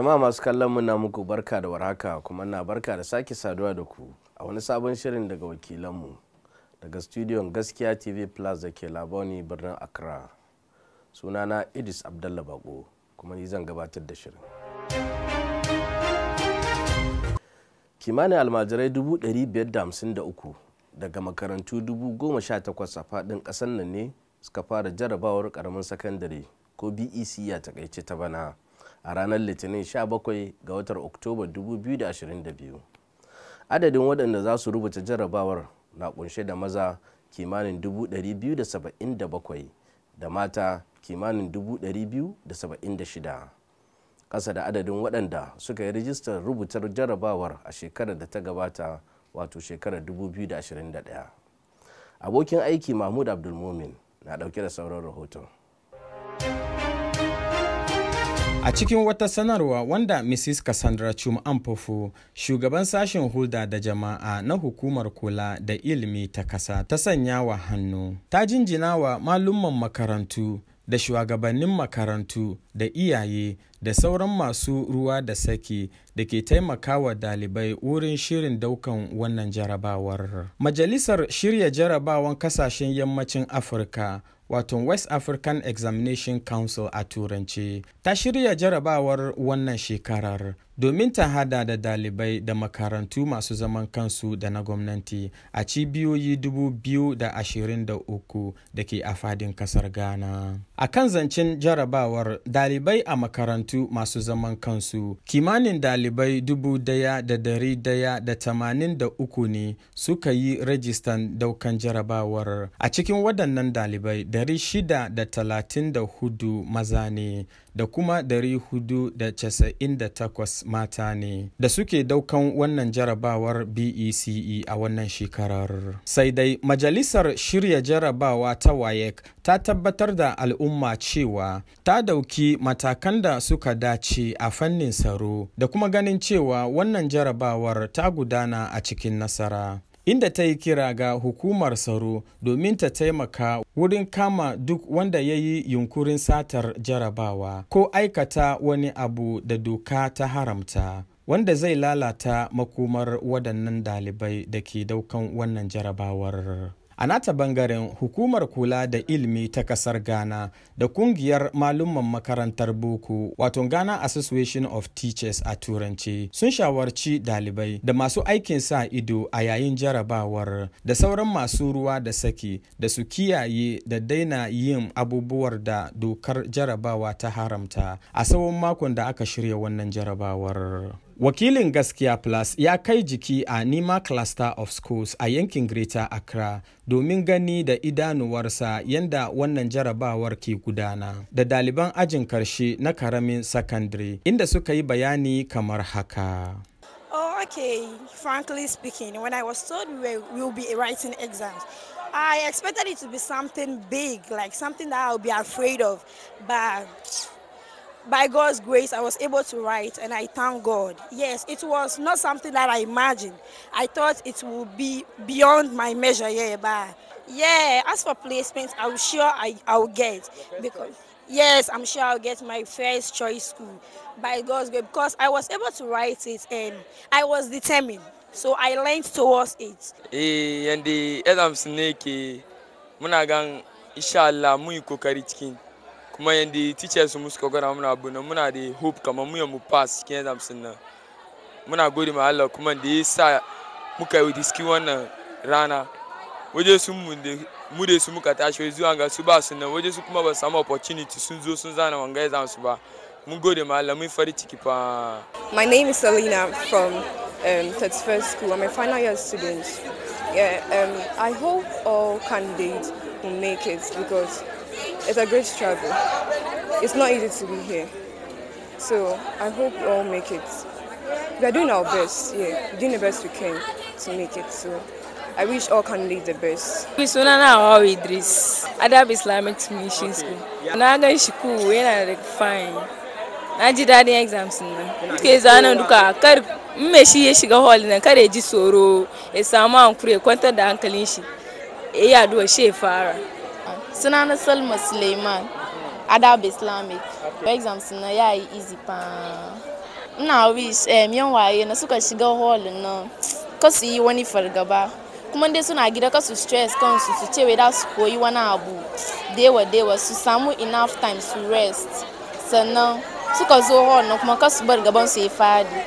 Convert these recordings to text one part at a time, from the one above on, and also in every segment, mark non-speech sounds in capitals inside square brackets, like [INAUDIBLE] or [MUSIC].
jama'a masu kallon muna muku barka da warhaka kuma na barka da sake saduwa da ku a wani sabon shirin daga wakilanmu daga studiyon gaskiya tv plus da ke laboni birnin accra sunana idis abdallah bako kuma ni zan gabatar da shirin kimanin almajirai 553 daga makarantu takwas a fadin ƙasar nan ne suka fara jarabawar ƙaramin sakandare ko bec ya takaice ta bana a ranar litinin 17 ga watan oktoba 2022 adadin waɗanda za su rubuta jarrabawar na kunshe da maza kimanin 277 da mata kimanin 276 ƙasa da adadin waɗanda suka yi rijistar rubutar jarrabawar a shekarar da ta gabata wato shekarar 2021 abokin aiki mahmud abdulmumin na ɗauke da sauran rahoton A cikin wata sanarwa wanda Mrs. Cassandra Chum Ampofu, shugaban sashen hulda da jama'a na hukumar kula da ilimi ta kasa ta sanya wa hannu, ta jinjina wa malumman makarantu da shugabannin makarantu da iyaye da sauran masu ruwa da saki da ke taimakawa dalibai wurin shirin daukan wannan jarabawar. Majalisar shirya jarabawan kasashen yammacin Afirka wato west african examination council a turanci. ta shirya jarabawar wannan shekarar domin ta hada da dalibai da makarantu masu zaman kansu da na gwamnati a cibiyoyi 2023 da ke a fadin kasar ghana a kan zancen jarabawar dalibai a makarantu masu zaman kansu kimanin dalibai 1,183 ne suka yi rajistan daukan jarabawar a cikin waɗannan dalibai 634 maza ne da kuma hudu da da casa'in takwas mata ne da suke daukan wannan jarabawar BECE e a wannan shekarar. Sai dai Majalisar Shirya Jarabawa ta WAEC ta tabbatar da al'umma cewa ta dauki matakan da suka dace a fannin tsaro da kuma ganin cewa wannan jarabawar ta gudana a cikin nasara. inda ta yi kira ga hukumar tsaro domin ta taimaka wurin kama duk wanda ya yi yunkurin satar jarabawa ko aikata wani abu da doka ta haramta wanda zai lalata makomar waɗannan ɗalibai da ke daukan wannan jarabawar. a nata bangaren hukumar kula da ilimi ta kasar ghana da kungiyar malumman makarantar boko wato ghana association of teachers a turanci sun shawarci dalibai da masu aikin sa ido a yayin jarabawar da sauran masu ruwa da saki da su kiyaye da daina yin abubuwar da dokar jarabawa ta haramta a tsawon makon da aka shirya wannan jarabawar wakilin gaskiya plus ya kai jiki a nima cluster of schools a yankin greater accra domin gani da idanuwarsa yadda wannan jarabawar ke gudana da daliban ajin karshe na karamin secondary inda suka yi bayani kamar haka oh, okay frankly speaking when i was told we will be writing exams i expected it to be something big like something that i'll be afraid of but by God's grace, I was able to write, and I thank God. Yes, it was not something that I imagined. I thought it would be beyond my measure, yeah, but yeah. As for placements, I'm sure I I'll get because. Yes, I'm sure I'll get my first choice school by God's grace because I was able to write it and I was determined. So I learned towards it. Eh, and the Adam Snake, eh, munagang inshallah mu karitkin kuma yadda teachers mu suka gwada muna abu muna da hope kamar mu pass cikin nan muna gode ma Allah kuma da muka yi diski wannan rana waje mu da su muka tashi zuwa ga su ba su nan waje su kuma ba samu opportunity sun zo sun zana wanga ba mun gode ma Allah mun ciki fa my name is Selena from um, 31st school I'm a final year student yeah um, I hope all candidates will make it because It's a great struggle. It's not easy to be here. So I hope we all make it. We are doing our best, yeah. We're doing the best we can to make it. So I wish all candidates the best. Sunana Hawa Idris, Adab Islamic Mission School. Na gan school, ku yana da fine. Na ji daɗin exams in them. zanen duka kar in me shi ya shiga is nan kar ya ji tsoro ya samu hankuri a kwantar da hankalin shi. Ya yi addu'a shi a fara. sunana salma suleiman adab islamic for exam suna ya yi easy pa ina wish em eh, yan waye na suka shiga hall na kasu yi wani fargaba kuma dai suna gida kasu stress kansu su ce da su koyi wani abu dewa dewa su samu enough time su rest sannan suka zo hall na kuma kasu bar gaban su yi fadi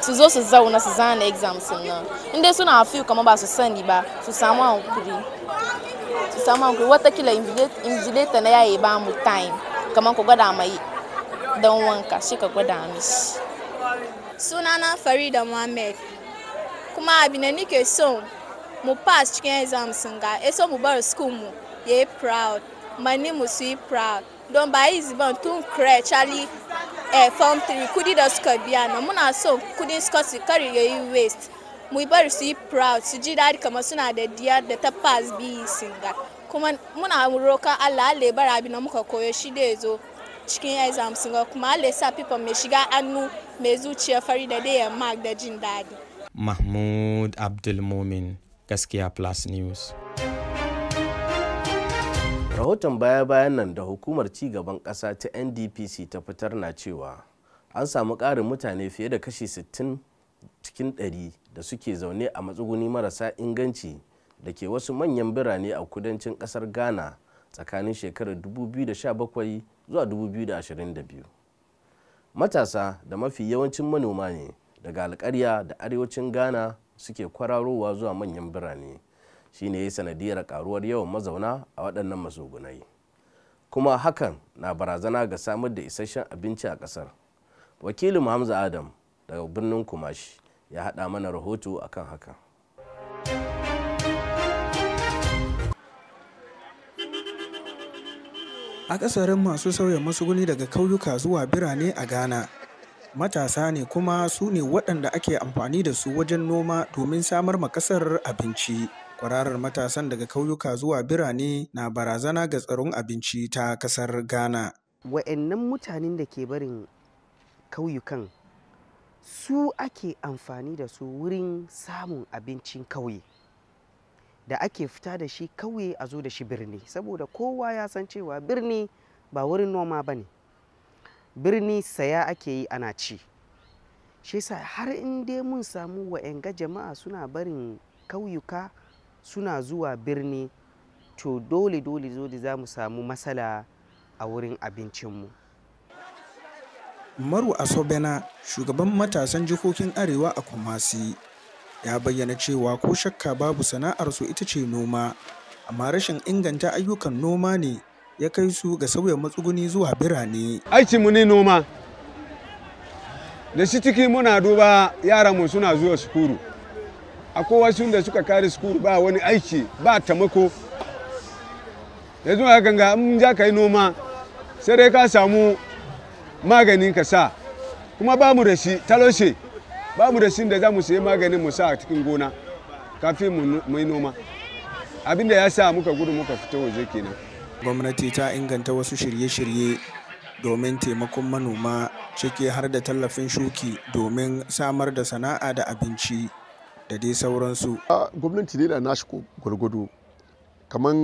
su zo su zauna su zana exam sannan in suna feel kama ba su sani ba su samu hankuri saman ku watakila invigilator na ya yi ba mu time kamar ku gwada mai don wanka shi ka gwada mishi sunana farida muhammad kuma abin da nike so mu pass cikin exams ga eso mu bar school mu ya yi proud mani mu su proud don ba yi ziban tun kure charlie eh, form 3 kudi da suka biya na muna so kudin scott kari ya yi waste mu bar su yi proud su ji daɗi kamar suna da diyar da ta pass bi singa kuma muna roƙon Allah Allah ya bar abin da muka koyo shi da ya zo cikin exam singa kuma Allah ya sa pipa mai shiga hannu mai zuciya fari da dai mark da jin daɗi. Mahmud Abdulmumin gaskiya plus news. rahoton baya-bayan nan da hukumar ci gaban ƙasa ta ndpc ta fitar na cewa an samu ƙarin mutane fiye da kashi 60 cikin ɗari. da suke zaune a matsuguni marasa inganci da ke wasu manyan birane a kudancin kasar ghana tsakanin shekarar 2017 zuwa 2022 matasa da mafi yawancin manoma ne daga alkarya da arewacin ghana suke kwararowa zuwa manyan birane shine ya sanadiyar karuwar yawan mazauna a waɗannan matsugunai kuma hakan na barazana ga samar da isasshen abinci a ƙasar wakilin hamza adam daga birnin kumashi ya haɗa mana rahoto akan haka kasarin masu sauya masuguni daga kauyuka zuwa birane a ghana matasa ne kuma su ne waɗanda ake amfani da su wajen noma domin samar ma ƙasar abinci kwararar matasan daga kauyuka zuwa birane na barazana ga tsaron abinci ta ƙasar ghana wa'annan mutanen da ke barin kauyukan su ake amfani da su wurin samun abincin kauye da ake fita da shi kauye a zo da shi birni saboda kowa ya san cewa birni ba wurin noma ba ne birni saya ake yi ana ci shi sa har in dai mun samu wa'yanga jama'a suna barin kauyuka suna zuwa birni to dole dole dole za mu samu matsala a wurin abincinmu Maru Asobena, shugaban matasan jihohin Arewa a Kumasi, ya bayyana cewa ko shakka babu sana'arsu ita ce noma, amma rashin inganta ayyukan noma ne ya kai su ga sauya matsuguni zuwa birane. Aikinmu ne noma. Da shi ciki muna duba yaranmu suna zuwa sukuru. Akwai wasu da suka kare sukuru ba wani aiki ba tamako. Yanzu a ganga in ja ka yi noma sai dai ka samu maganin ka sa kuma ba mu da shi taloshe ba mu da shi da za mu sayi maganin mu sa a cikin gona kafin mu yi noma abinda ya sa muka gudu muka fito waje kenan gwamnati ta inganta wasu shirye-shirye domin taimakon manoma ciki har da tallafin shuki domin samar da sana'a da abinci da dai sauransu gwamnati ne da nashi gwargwado kamar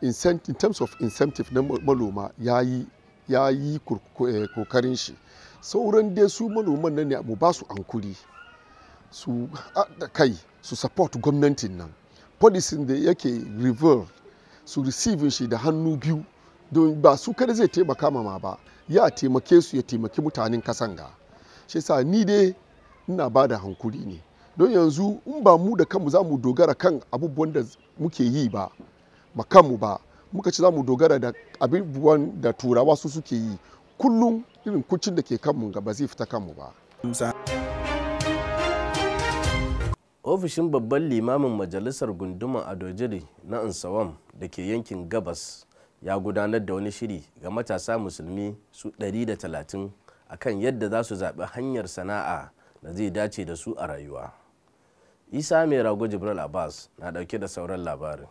in terms of incentive na maloma ya yi ya yi eh, kokarin shi sauran dai su manoman nan ne mu ba su ankuri su haɗa kai su support gwamnatin nan policin da yake river su receive shi da hannu biyu don ba su kada zai taimaka ma ba ya taimake su ya taimaki mutanen kasan ga shi sa ni dai ina ba da hankuri ne don yanzu in ba mu da kanmu za mu dogara kan abubuwan da muke yi ba kanmu ba muka ci za mu dogara da abubuwan da turawa su suke yi kullum irin kucin da ke kanmu ga ba zai fita kanmu ba. ofishin babban limamin majalisar gunduma a dojiri na ansawam da ke yankin gabas ya gudanar da wani shiri ga matasa musulmi su 130 a kan yadda za su zaɓi hanyar sana'a da zai dace da su a rayuwa isa mai rago jibril abbas na ɗauke da sauran labarin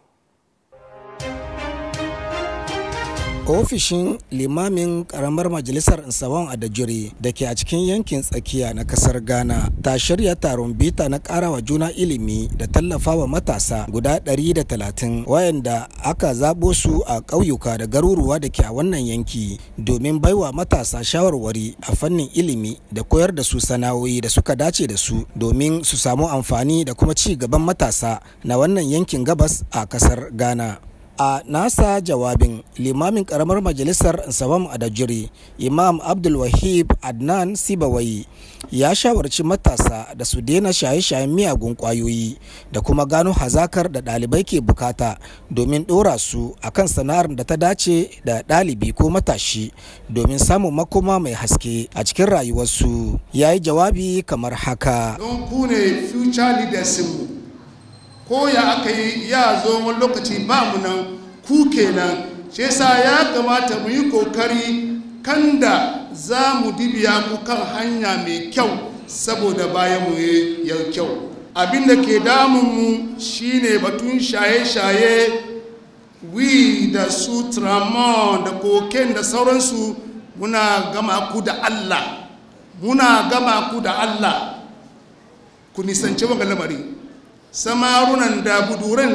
ofishin limamin karamar majalisar nsawon dajiri da ke a cikin yankin tsakiya na kasar ghana ta shirya taron bita na karawa juna ilimi da tallafawa matasa guda 130 wayanda aka zabo su a ƙauyuka da garuruwa da ke a wannan yanki domin baiwa matasa shawarwari a fannin ilimi da koyar da su sana'o'i da suka dace da su domin su samu amfani da kuma ci gaban matasa na wannan yankin gabas a kasar ghana a nasa jawabin limamin karamar majalisar nsawam adajiri imam abdul wahib adnan sibawai ya shawarci matasa da su daina shaye-shayen miyagun kwayoyi da kuma gano hazakar da ɗalibai ke bukata domin ɗora su akan sana'ar da ta dace da ɗalibi ko matashi domin samun makoma mai haske a cikin rayuwarsu ya yi jawabi kamar haka ko ya aka yi ya zo wani lokaci ba mu nan ku kenan shi yasa ya kamata mu yi kokari kan da za mu dibiya ku kan hanya mai kyau saboda bayan mu ya kyau abin da ke damun mu shine batun shaye-shaye wi da su tramon da koken da sauransu muna gama ku da allah muna gama ku da allah ku nisanci wanga lamari samarunan da buduran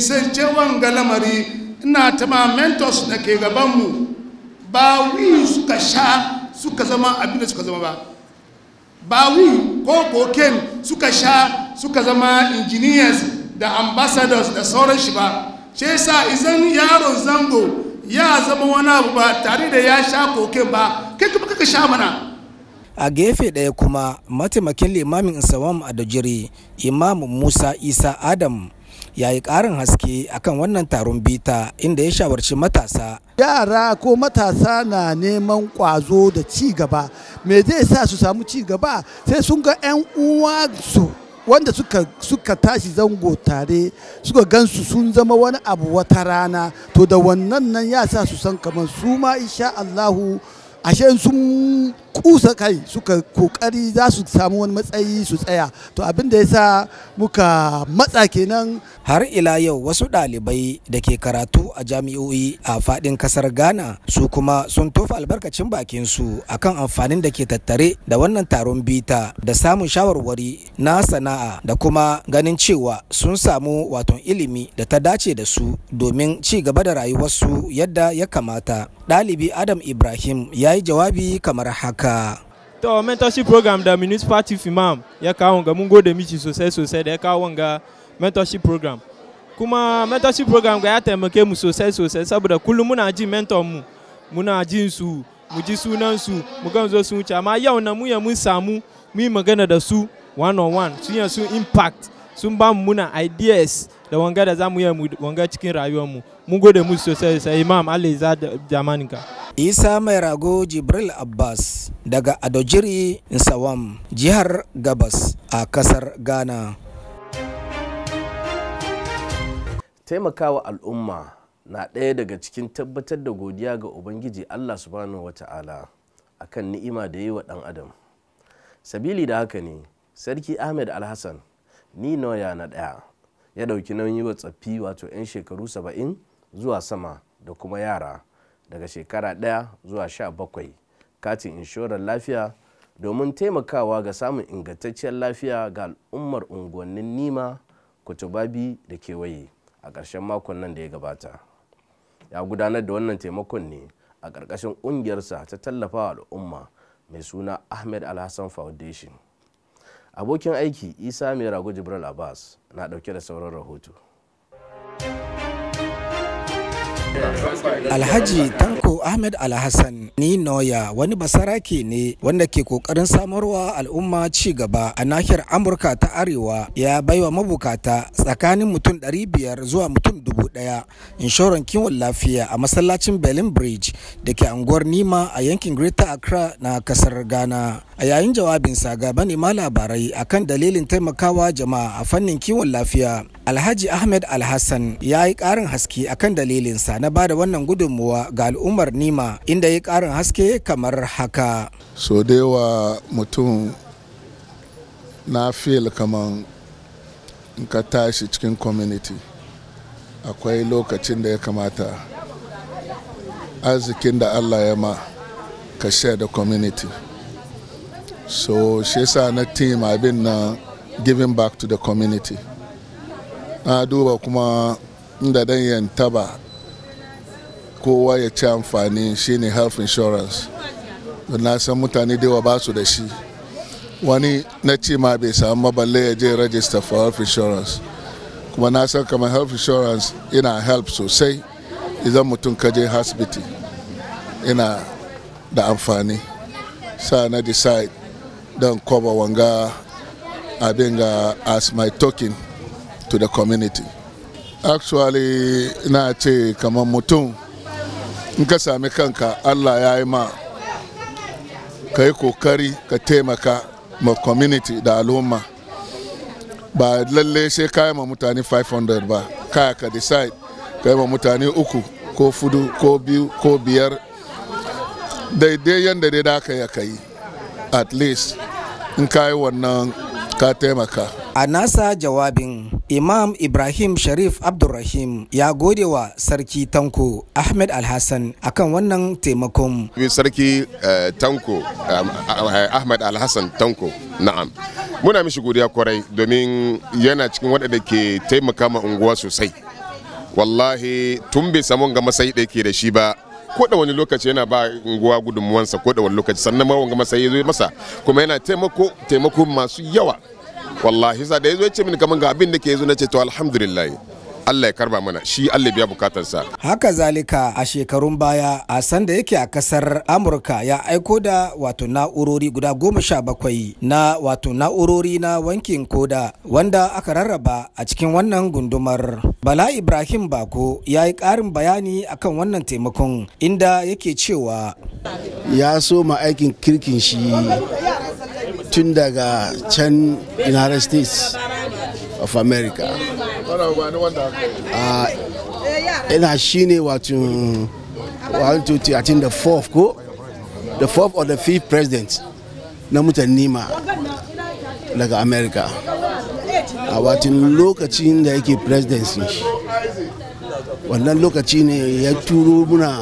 sai cewan galamari ina ta mentors da ke gabanmu ba wi suka sha suka zama abin suka zama ba ba wi ko koken suka sha suka zama engineers da ambassadors da sauran shi ba ce sa izan yaron zango ya zama wani abu ba tare da ya sha koken ba kai kuma kaka sha mana a gefe ɗaya kuma mataimakin limamin insawam a dajiri imam musa isa adam ya yi ƙarin haske akan wannan taron bita inda ya shawarci matasa yara ko matasa na neman ƙwazo da ci gaba me zai sa su samu ci gaba sai sun ga 'yan uwansu wanda suka, suka tashi zango tare suka gansu sun zama wani abu wata rana to da wannan nan ya sa su san kamar su ma insha Allahu ashe sun kusa kai suka kokari za su samu wani matsayi su tsaya to abin da ya sa muka matsa kenan har ila yau wasu ɗalibai da ke karatu a jami'o'i a faɗin kasar ghana su kuma sun tofa albarkacin bakin su akan amfanin da ke tattare da wannan taron bita da samun shawarwari na sana'a da kuma ganin cewa sun samu wato ilimi da ta dace da su domin ci gaba da rayuwarsu yadda ya kamata ɗalibi adam ibrahim ya yi jawabi kamar haka haka to mentorship program da municipal chief imam ya kawo ga mun gode miki sosai sosai da ya kawo ga mentorship program kuma mentorship program ga ya taimake mu sosai sosai saboda kullum muna ji mentor mu muna jin su mu ji sunan su mu ga zo su wuce amma yau na mu ya mun samu mu yi magana da su one on one sun ya sun impact sun ba mu muna ideas da wanga da za mu yi wanga cikin rayuwar mu mun gode mu sosai sosai imam Allah ya za jamaninka isa mai rago jibril abbas daga adojiri nsawam jihar gabas a kasar ghana taimakawa al'umma na ɗaya daga cikin tabbatar da godiya ga ubangiji allah subhanahu wa ta'ala a kan ni'ima da yi wa ɗan adam sabili da haka ne sarki ahmed alhassan ni noya na ɗaya ya ɗauki nauyi wa tsaffi wato 'yan shekaru 70 zuwa sama da kuma yara daga shekara ɗaya zuwa sha bakwai katin inshorar lafiya domin taimakawa ga samun ingantacciyar lafiya ga al'ummar unguwannin nima kutubabi da kewaye a ƙarshen makon nan da ya gabata ya gudanar da wannan taimakon ne a ƙarƙashin ƙungiyarsa ta tallafa al'umma mai suna ahmed alhassan foundation abokin aiki isa mai jibril abbas na ɗauke da sauran rahoto الحجي تنقى Atiku Ahmed Alhassan ni Noya wani basarake ne wanda ke kokarin samarwa al'umma ci gaba a nahiyar Amurka ta Arewa ya baiwa mabukata tsakanin mutum 500 zuwa mutum 1000 inshoran kiwon lafiya a masallacin Berlin Bridge da ke anguwar Nima a yankin Greater Accra na kasar Ghana. A yayin jawabinsa ga manema labarai akan dalilin taimakawa jama'a a fannin kiwon lafiya Alhaji Ahmed Alhassan ya yi ƙarin haske akan dalilinsa na bada wannan gudunmuwa ga al'umma umar nima inda ya karin haske kamar haka so da mutum na fil kamar ka tashi cikin community akwai lokacin da ya kamata arzikin da allah ya ma ka share da community so shi sa na team abin na giving back to the community na duba kuma inda dan yanta ba kowa ya ci amfani shine health insurance na san mutane da yawa ba su da shi wani na ce ma bai samu maballe ya je register for health insurance kuma na san kamar health insurance yana help sosai idan mutum ka je hasbiti yana da amfani sa na decide don kowa wanga abin ga as my token to the community actually na ce kamar mutum in ka sami kanka allah ya yi ma ka yi kokari ka taimaka ma community da al'umma ba lalle sai ka yi ma mutane 500 ba kaya ka decide ka yi ma mutane uku ko fudu ko biyu ko biyar daidai yadda dai da ka ka yi at least in ka yi wannan ka taimaka a nasa jawabin Imam Ibrahim Sharif Abdulrahim ya gode wa Sarki Tanko Ahmed Alhassan akan wannan taimakon. Sarki eh, Tanko eh, Ahmed Alhassan Tanko na'am. Muna mishi godiya kwarai domin yana cikin waɗanda ke taimaka ma unguwa sosai. Wallahi tun bai samu ga matsayi da ke da shi ba ko da wani lokaci yana ba unguwa gudunmuwansa ko da wani lokaci sannan ma wanga ya zo masa kuma yana taimako taimako masu yawa wallahi sa da yazo ya ce mini kaman ga abin da ke yazo na ce to alhamdulillah Allah ya karba mana shi Allah biya sa Haka zalika a shekarun baya a sanda yake a kasar Amurka ya aiko da wato na'urori guda goma sha bakwai na wato na'urori na wankin koda wanda aka rarraba a cikin wannan gundumar. Bala Ibrahim Bako ya yi ƙarin bayani akan wannan taimakon inda yake cewa. Ya so ma aikin kirkin shi tun daga can united states of america ah, ina shi ne wato fourth ko the fourth or the fifth president na mutan nima daga america a watan lokacin da yake presidency wannan lokaci ne ya turo muna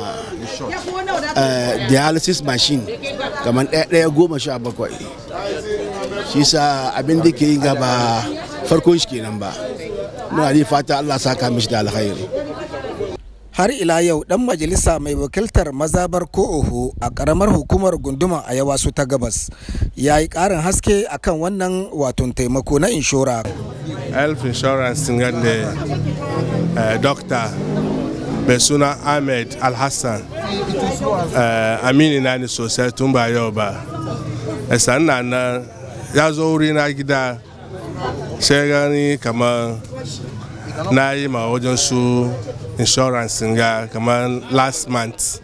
eh, dialysis machine kamar ɗaya goma sha bakwai shi sa abin da ke yi ga ba farkon shi kenan ba muna da fata Allah saka mishi da alkhairi har ila yau dan majalisa mai wakiltar mazabar ko oho a karamar hukumar gunduma a yawasu ta gabas ya yi karin haske kan wannan waton taimako na inshora health insurance da eh, doctor mai suna ahmed alhassan eh, amini na ni sosai tun ba yau ba sannan nan ya zo wuri na gida sai gani kamar na yi ma wajen su insurance ga kamar last month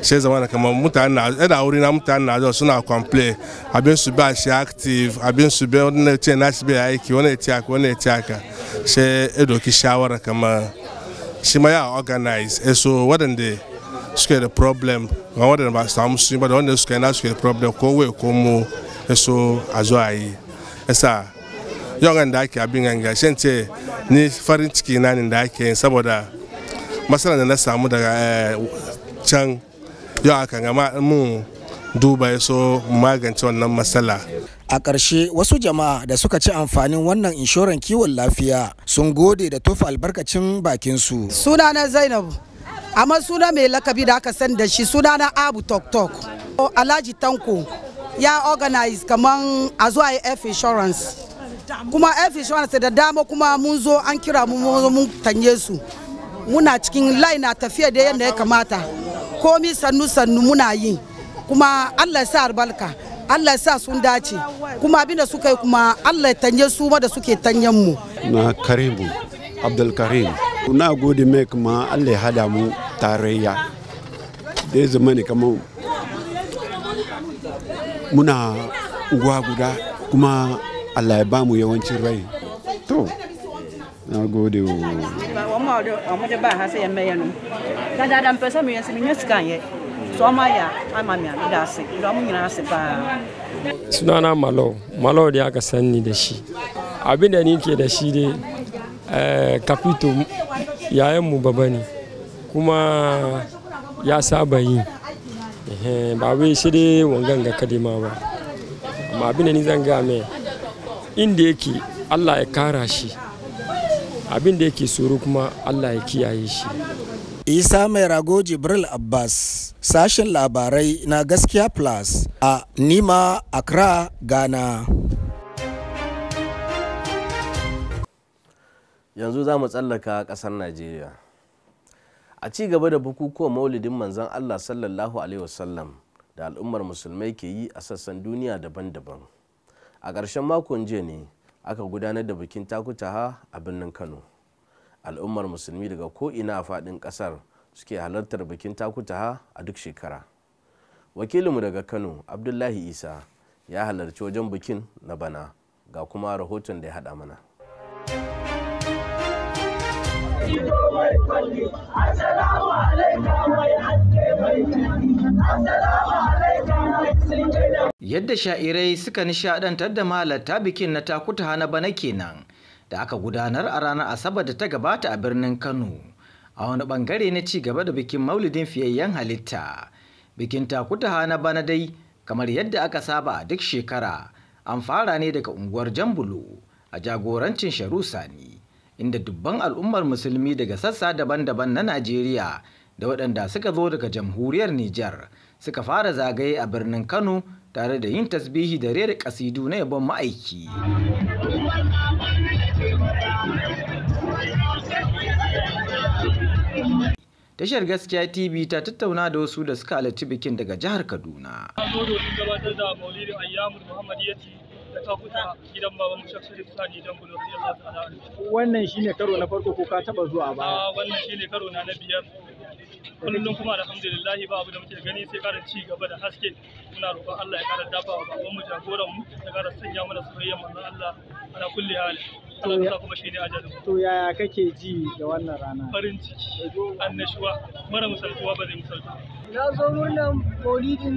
sai zama na kamar mutane yana eh, wuri na mutane na suna complain abin su ba shi active abin su be, wani ce na shi bai aiki wani ya ce aka wani ya ce aka sai ya doki shawara kamar shi ma ya organize eh, so waɗanda suke da problem ga waɗanda ba su samu su ba da wanda suke na suke da problem ko wai ko mu ya so a esa a da ake abin ganga shan ce ni farin ciki na ne da ake yin saboda masana da na samu daga eh, can yau aka gama mun duba ya magance wannan matsala. A ƙarshe wasu jama'a da suka ci amfanin wannan inshoran kiwon lafiya sun gode da tofa albarkacin bakinsu. Sunana zainab amma suna mai lakabi da aka san da shi sunana Abu Tok Tok. Alhaji Tanko ya organize kaman a zuwa yi f insurance kuma f insurance da dama kuma mun zo an kira mu mun tanye su muna cikin line na tafiya da yadda ya kamata komi sannu sannu muna yi kuma allah ya sa albarka allah ya sa sun dace kuma abin da suka yi kuma allah ya tanye su ma da suke tanyen mu na karibu abdulkarim na gode mai kuma allah ya hada mu tarayya da ya zama ne kamar muna uwa guda kuma allah ya bamu yawancin rai to na gode o ba sunana malo malo da aka sanni da shi abin da nike da shi dai kapito eh, mu baba ne kuma ya saba yi Eh, ba wai shi dai wangan ga kadima ba amma abin da ni zan ga mai inda yake allah ya kara shi abin da yake suru kuma allah ya kiyaye shi isa mai rago jibril abbas sashen labarai na gaskiya plus a nima accra ghana yanzu za mu tsallaka ƙasar najeriya a ci gaba da bukukuwan maulidin manzon allah sallallahu alaihi wasallam da al'ummar musulmai ke yi a sassan duniya daban-daban a ƙarshen makon jiya ne aka gudanar da bikin takutaha a birnin kano al'ummar musulmi daga ko'ina a faɗin ƙasar suke halartar bikin takutaha a duk shekara wakilinmu daga kano abdullahi isa ya halarci wajen bikin na bana ga kuma rahoton da ya haɗa mana yadda sha'irai suka nishadantar da mahalarta bikin na takuta hana bana kenan da aka gudanar a ranar asabar da ta gabata a birnin kano a wani bangare na ci gaba da bikin maulidin fiyayyen halitta bikin takuta hana bana dai kamar yadda aka saba a duk shekara an fara ne daga unguwar jambulu a jagorancin Sharusani. sani inda dubban al'ummar musulmi daga sassa daban-daban na Najeriya da waɗanda suka zo daga jamhuriyar Nijar suka fara zagaye a birnin Kano tare da yin tasbihi da rere ƙasidu na yabon ma'aiki. Tashar Gaskiya TV ta tattauna da wasu da suka halarci bikin daga jihar Kaduna. gabatar ya wannan shine karo na farko ko ka taba zuwa ba ah, wannan shine karo na na biyar kullum kuma alhamdulillah ba abu da muke gani sai karin ci gaba da haske muna roƙon Allah ya ƙara dafa wa mu jagoran mu ya ƙara sanya mana soyayya manzo Allah ana kulli hali Allah ya kuma to yaya kake ji da wannan rana farin ciki annashuwa mara misaltuwa ba zai misaltu ya zo murnan maulidin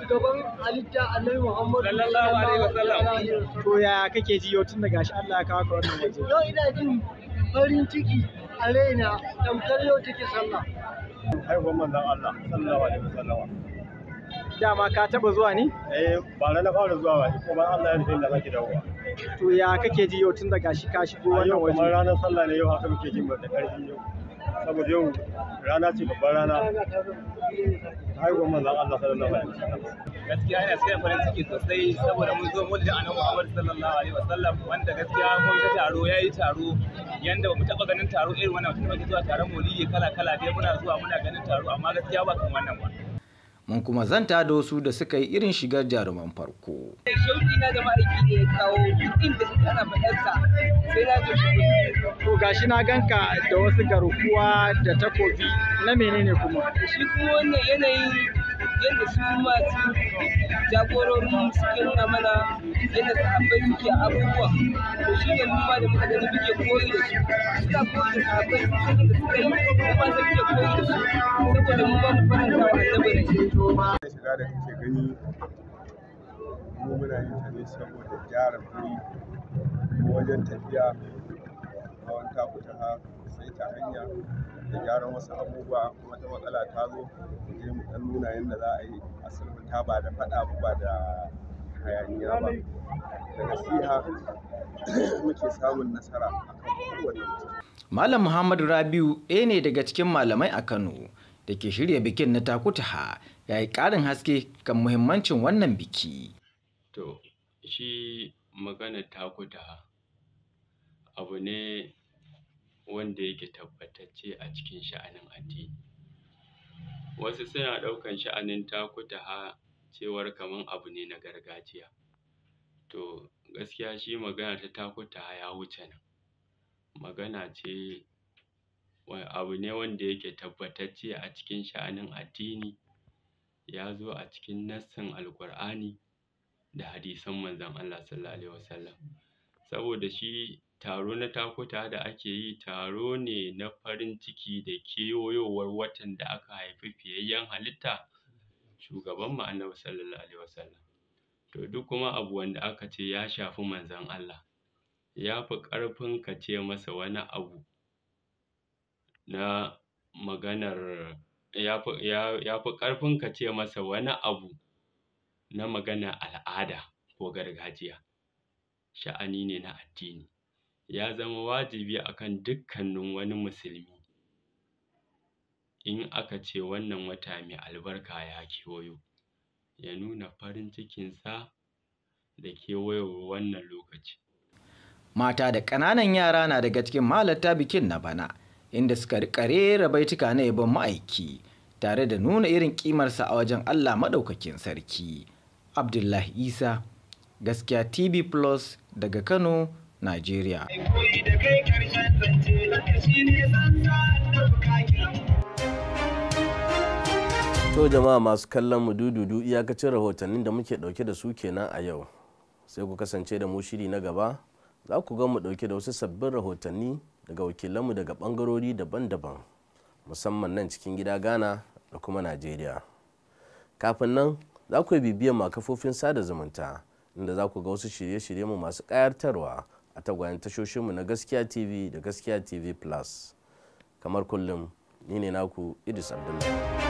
shugaban halitta annabi Muhammad sallallahu alaihi wasallam to ya kake ji yau tunda gashi Allah ya kawo ka wannan waje yau ina jin farin ciki a raina tamkar yau take sallah haihuwar manzon Allah sallallahu alaihi wasallam dama ka taba zuwa ne? Eh ba ran na fara zuwa ba ko kuma Allah ya rufe da kake dawo To ya kake ji yau tunda gashi ka shigo wannan waje? Yau kamar ranar sallah ne yau haka muke jin ba da karfi yau. saboda yau rana ce babban rana haihuwar manzan Allah sallallahu alaihi wasallam gaskiya ina cikin farin ciki sosai saboda mun zo mulki annabi Muhammad sallallahu alaihi wasallam wanda gaskiya mun ga taro yayi taro yanda bamu taba ganin taro irin wannan mutum ke zuwa taron maulidi kala kala dai muna zuwa muna ganin taro amma gaskiya ba kan wannan ba mun kuma zanta da wasu da suka yi irin shigar jaruman farko. Shauki na da ma'aiki ne ya kawo duk inda suka ana faɗarsa sai na zo To gashi na ganka da wasu garkuwa da takobi na menene kuma? Shi kuma wannan yanayin yadda su masu jagororin suke nuna mana yadda sahabbai suke abubuwa to shi ne kuma da muka gani muke koyi da su suna koyi da sahabbai sai da suka yi kuma sai muke koyi da su saboda mu ba mu faranta wa annabi da shi shiga da kake gani mu muna yin ta ne saboda gyara guri wajen tafiya hawan haka. ta hanya da gyaran wasu abubuwa kuma ta matsala ta zo mu je mu dan nuna yadda za a yi a ba da faɗa ba da hayaniya ba da nasiha [CLEARS THROAT] muke samun nasara a kan kowane Malam Muhammadu Rabiu ɗaya ne daga cikin malamai a Kano da ke shirya bikin na Takutaha ya yi ƙarin haske kan muhimmancin wannan biki. To, shi maganar Takutaha abu ne wanda yake tabbatacce a cikin sha'anin addini. Wasu suna ɗaukan sha'anin takutaha cewar kaman abu ne na gargajiya, to gaskiya shi magana ta takutaha ya wuce nan, magana ce abu ne wanda yake tabbatacce a cikin sha'anin addini, ya zo a cikin nassin Alƙur'ani da hadisan Manzon Allah Sallallahu Alaihi Wasallam. Saboda shi Taro na takuta da ake yi taro ne na farin ciki da kewayowar watan da aka haifi fiyayyen halitta, Shugaban mu Annabi Sallallahu Alaihi Wasallam. To duk kuma abu wanda aka ce ya shafi Manzon Allah, ya fi ƙarfin ka ce masa wani abu na maganar ya fi ya fi ƙarfin ka ce masa wani abu na maganar al'ada ko gargajiya, sha'ani ne na addini. ya zama wajibi akan dukkanin wani musulmi in aka ce wannan wata mai albarka ya kewayo ya nuna farin cikinsa da kewayowar wannan lokaci mata da ƙananan yara na daga cikin malatta bikin na bana inda suka rera baituka na yabon ma'aiki tare da nuna irin ƙimarsa a wajen Allah maɗaukakin sarki. Abdullahi Isa, Gaskiya TV Plus daga Kano, Najeriya. To jama'a masu kallon mu dududu iyakacin rahotannin da muke dauke da su kenan a yau. Sai ku kasance da mu shiri na gaba za ku ga mu dauke da wasu sabbin rahotanni daga wakilanmu daga bangarori daban-daban musamman nan cikin gida Ghana da kuma Najeriya. Kafin nan za ku bibiyan ma kafofin sada zumunta inda za ku ga wasu shirye-shirye mu masu ƙayartarwa. a tagwayen tashoshinmu na gaskiya tv da gaskiya tv plus kamar kullum ni ne naku idris abdullahi